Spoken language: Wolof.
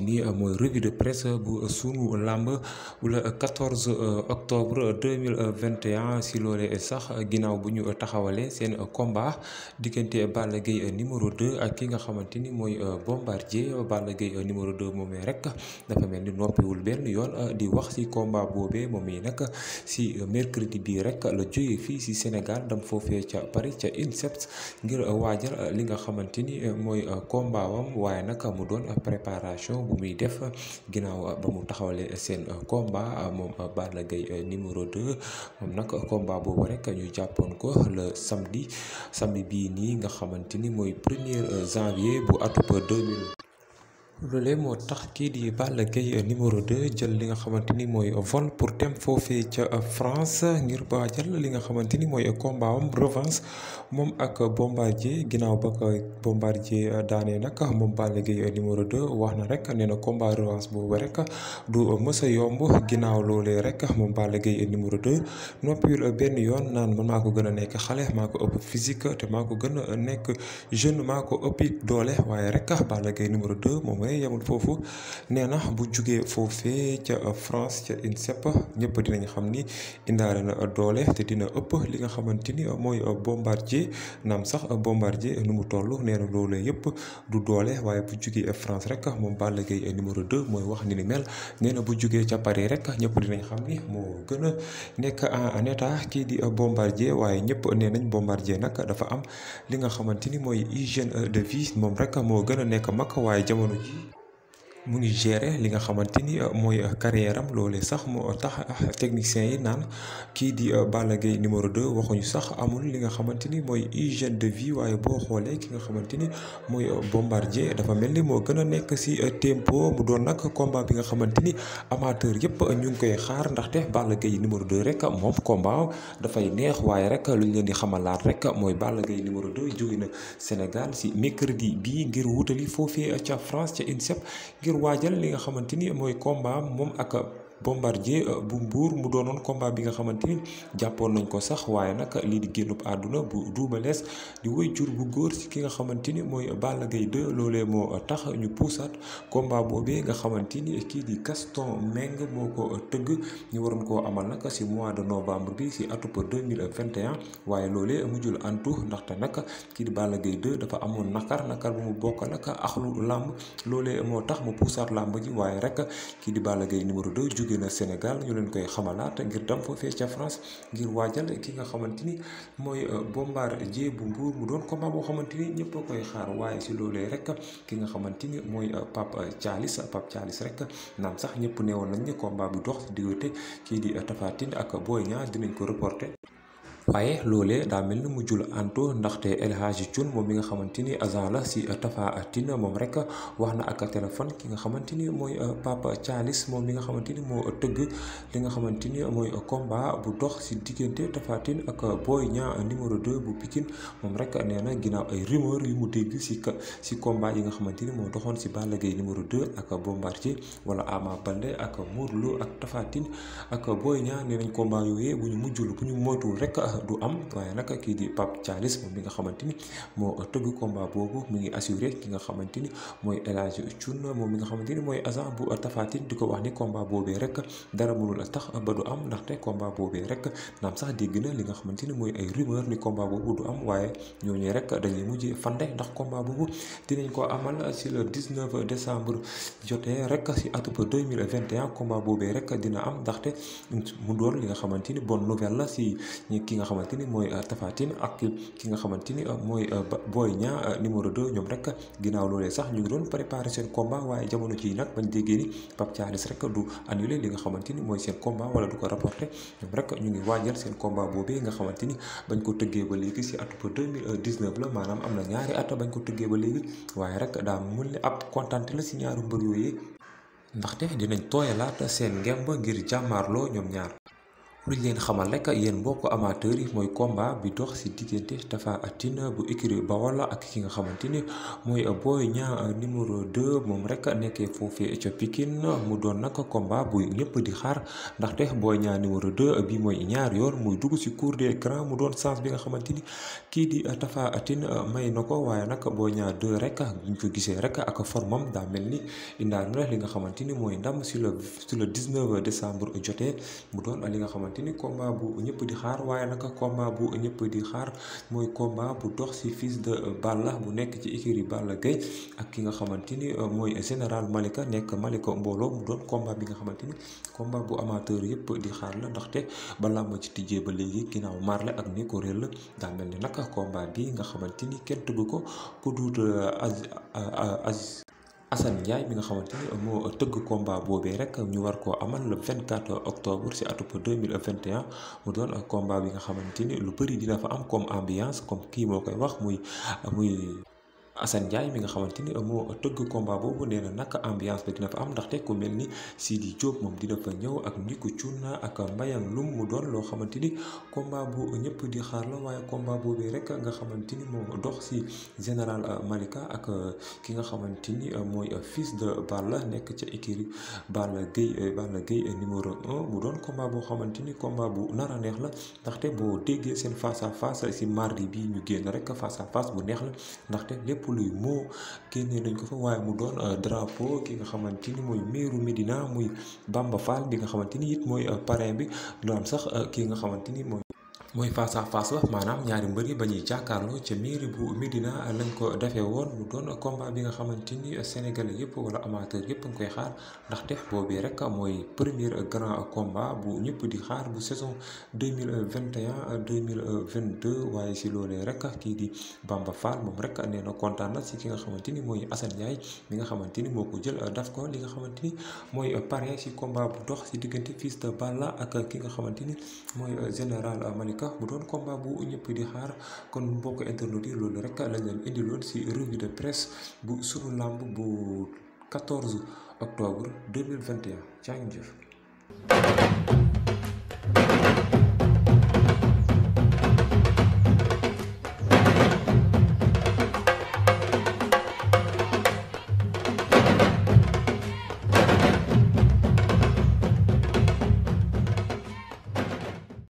xamante ni euh, mooy revue de presse bu euh, sunu làmb wula la 14 euh, octobre 2021 si loolee sax ginaaw bu ñu taxawalee seen combat diggante Balla Gaye numéro 2 ak ki nga xamante ni mooy Bombardier Balla Gaye numéro 2 moomee rek dafa mel ni noppiwul benn yoon di wax si combat boobee moom yi nag si mercredi bii rek la jógee fii si Sénégal dam foofee ca Paris ca INSEP ngir waajal li nga xamante ni mooy combat waaye nag mu doon préparation. bu muy def ginnaaw ba mu taxawalee seen combat moom la Gaye euh, numéro 2 moom nag combat boobu rek ñu jàppoon ko le samedi samedi bii nii nga xamante ni mooy premier euh, janvier bu atub 2000 loolee moo tax kii di Balla Gaye numéro 2 jël li nga xamante ni mooy vol pour dem foofee ca France ngir ba jël li nga xamante ni mooy combat am moom ak Bombardier ginnaaw ba ko Bombardier daanee nag moom Balla Gaye numéro 2 wax na rek nee na combat revanche boobu rek du mës yomb ginnaaw loolee rek moom Balla Gaye numéro 2 noppiwul benn yoon naan man maa ko gën a nekk xale maa ko ëpp physique te maa ko gën nekk jeune maa ko ëppi doole waaye yi yemul foofu nee na bu jugee foofee ca France ca INSEP ñëpp dinañ xam ni indaale na doole te dina ëpp li nga xamante ni mooy bombardier naam sax bombardier nu mu toll nee na loolu yëpp du doole waaye bu jugee France rek moom Balla Gaye numéro 2 mooy wax ni ni mel nee na bu jugee ca Paris rek ñëpp dinañ xam ni moo gën a nekk en état kii di bombardier waaye ñëpp nee nañ bombardier nag dafa am li nga xamante ni mooy hygiène de vie moom rek moo gën a nekk mag waaye jamono mu ngi gérer li nga xamante ni euh, mooy euh, carrière am loolee sax moo tax euh, technicien yi naan kii di Balla Gaye numéro 2 waxuñu sax amul li nga xamante ni mooy hygiène de vie waaye boo xoolee ki nga xamante ni mooy bombardier dafa mel ni moo gën a nekk ci tempo mu doon nag combat bi nga xamante ni amateur yëpp ñu ngi koy xaar ndaxte Balla Gaye numéro 2 rek moom combat dafay neex waaye rek lu ñu leen di xamalaat rek mooy Balla Gaye numéro 2 jóge na Sénégal ci mercredi bii ngir wutali foofee ca France ca INSEP ngir. waajal li nga xamante ni mooy combat moom ak Bombardier euh, bu Mbour mu doonoon combat bi nga xamante ni jàppoon nañ ko sax waaye nag lii di génnub àdduna bu Double Less di woy jur bu góor ci ki nga xamante ni mooy Balla Gaye 2 loole moo tax ñu puusaat combat boobee nga xamante ni kii di Gaston Mbengue moo ko tëgg ñu waroon ko amal nag ci mois de novembre bi ci atub 2021 waaye loole loolee mujjul antu ndaxte nag kii di Balla Gaye 2 dafa amoon nakar nakar bu mu bokk nag axlu làmb loolee moo tax mu puusaat làmb ji waaye jóge na Sénégal ñu leen koy xamalaat ngir dem foofee ca France ngir waajal ki nga xamante ni mooy euh, Bombardier bu Mbour mu doon combat boo xamante ni ñëpp koy xaar waaye si loolee rek ki nga xamante ni mooy euh, Pape Thialis pap caalis rek naam sax ñëpp neewoon nañ ko combat bu dox diggante kii di Tapha ak Boy ñaar dinañ ko reporter. waaye loolee daa mel ni mujjul antu ndaxte El Hadji moom li nga xamante ni agent la si Tapha Tine moom rek wax na ak téléphone ki nga xamante ni mooy euh, Papa Thialis moom mi nga xamante ni moo tëgg li nga xamante ni mooy combat bu dox si diggante Tapha Tine ak Boy Niang numéro 2 bu Pikine moom rek nee na ginnaaw ay rumeur yu mu dégg si si combat yi nga xamante ni moo doxoon si Balla Gaye numéro 2 ak Bombardier wala Ama Baldé ak Modou ak Tapha Tine ak Boy Niang nee nañ combat yooyee bu ñu mujjul bu ñu moytuwul rek. Euh, du am waaye nag kii di Pape Thialis moom mi nga xamante ni moo tëgg combat boobu mu ngi assuré ki nga xamante ni mooy El Hadj Thioune moom mi nga xamante ni mooy agent bu Tapha di ko wax ni combat boobee rek dara mënul a tax ba du am ndaxte combat boobee rek naam sax dégg li nga xamante ni mooy ay rumeur ni combat boobu du am waaye ñooñu rek dañuy mujj fande ndax combat boobu dinañ ko amal si le 19 décembre jotee rek si atub 2021 combat boobee rek dina am ndaxte mu doon li nga xamante ni bonne nouvelle la si ki nga xamante ni mooy euh, Tapha Tine ak ki nga xamante ni euh, mooy euh, booy Niang numéro 2 ñoom rek ginnaaw loolee sax ñu ngi doon préparé seen combat waaye jamono ci nag bañ déggee ni Pape Thialis rek nga xamante ni mooy seen combat wala du ko ñu ngi waajal seen combat nga xamante ni bañ ko tëggee ba léegi si atub 2019 la maanaam am na ñaari at bañ ko tëggee ba léegi waaye rek daa mun ne ab kontante la si ñaaru mbër yooyee ndaxte dinañ tooyalaat seen ngemb ngir jàmmaarloo ñoom ñaar lu ñu leen xamal rek yéen mbokk amateur yi mooy combat bi dox si diggante Tapha Tine bu écurie Bawol ak ki nga xamante ni mooy Boy Niang numéro 2 moom rek nekkee foofee ca Pikine mu doon nag combat bu ñëpp di xaar ndaxte Boy Niang numéro 2 bi mooy ñaar yoon muy dugg si cour des grands mu doon chance bi nga xamante ni kii di Tapha Tine may na ko waaye nag Boy ñaar 2 rek bu ñu gisee rek ak formam daa mel ni indaal na li nga xamante ni mooy ndam si le si le 19 décembre jotee mu doon li nga xamante xamante ni bu ñëpp di xaar waaye nag combat bu ñëpp di xaar mooy combat bu dox ci fils de Balla mu nekk ci écurie Balla Gaye ak ki nga xamante ni euh, mooy général Malika nekk Malika mbooloo mu doon combat bi nga xamante ni combat bu amateur yëpp di xaar la ndaxte balaa ma ci tijjee ba léegi ginnaaw marle ak ni ko réel la daa mel ni naka combat bi nga xamante ni kenn tëgg ko ku duut as as Assane Ndiaye bi nga xamante moo tëgg combat boobee rek ñu war koo amal le 24 octobre si vingt 2021 mu doon combat bi nga xamante lu bëri dina fa am comme ambiance comme kii moo koy wax muy muy Assane Ndiaye mi nga xamante ni moo tëgg combat boobu nee na naka ambiance bi dina fa am ndaxte ku mel ni Sidi Diop moom dina fa ñëw ak Nico na ak Mbayang Lum mu doon loo xamante ni combat bu ñëpp di xaar la waaye combat boobu rek nga xamante ni moo dox si général euh, Malika ak euh, ki nga xamante ni euh, mooy fils de Balla nekk ca écurie Balla Gaye Balla Gaye numéro 1 doon combat boo xamante ni combat bu nar a neex la ndaxte boo déggee seen face à face si mardi bi ñu génn rek fasa à bu neex la ndaxte lépp luy moo génnee nañ ko fa waaye mu doon euh, drapeau ki nga xamante ni mooy meeru Médina muy Bamba Fall bi nga xamante ni it mooy euh, parrain bi lu am sax euh, ki nga xamante mooy mooy face à face la maanaam ñaari mbër yi ba ñuy jàkkaarloo ca mairie bu Médina lañ ko defee woon mu doon combat bi nga xamante ni Sénégalais yëpp wala amateur yëpp nga koy xaar ndaxte boobee rek mooy premier grand combat bu ñëpp di xaar bu saison deux mille vingt et mille vingt deux waaye si loolee rek kii di Bamba Fall moom rek nee na kontaan na si ki nga xamante ni mooy Assane Ndiaye mi nga xamante ni moo ko jël daf ko li nga xamante ni mooy pare si combat bu dox si diggante Fils de Balla ak ki nga xamante ni mooy général Malick rek mu doon combat bu ñëpp di xaar kon mbokk internet yi loolu rek lañ leen indi loon si revue de presse bu sunu làmb bu 14 octobre 2021 jaa ngi jëf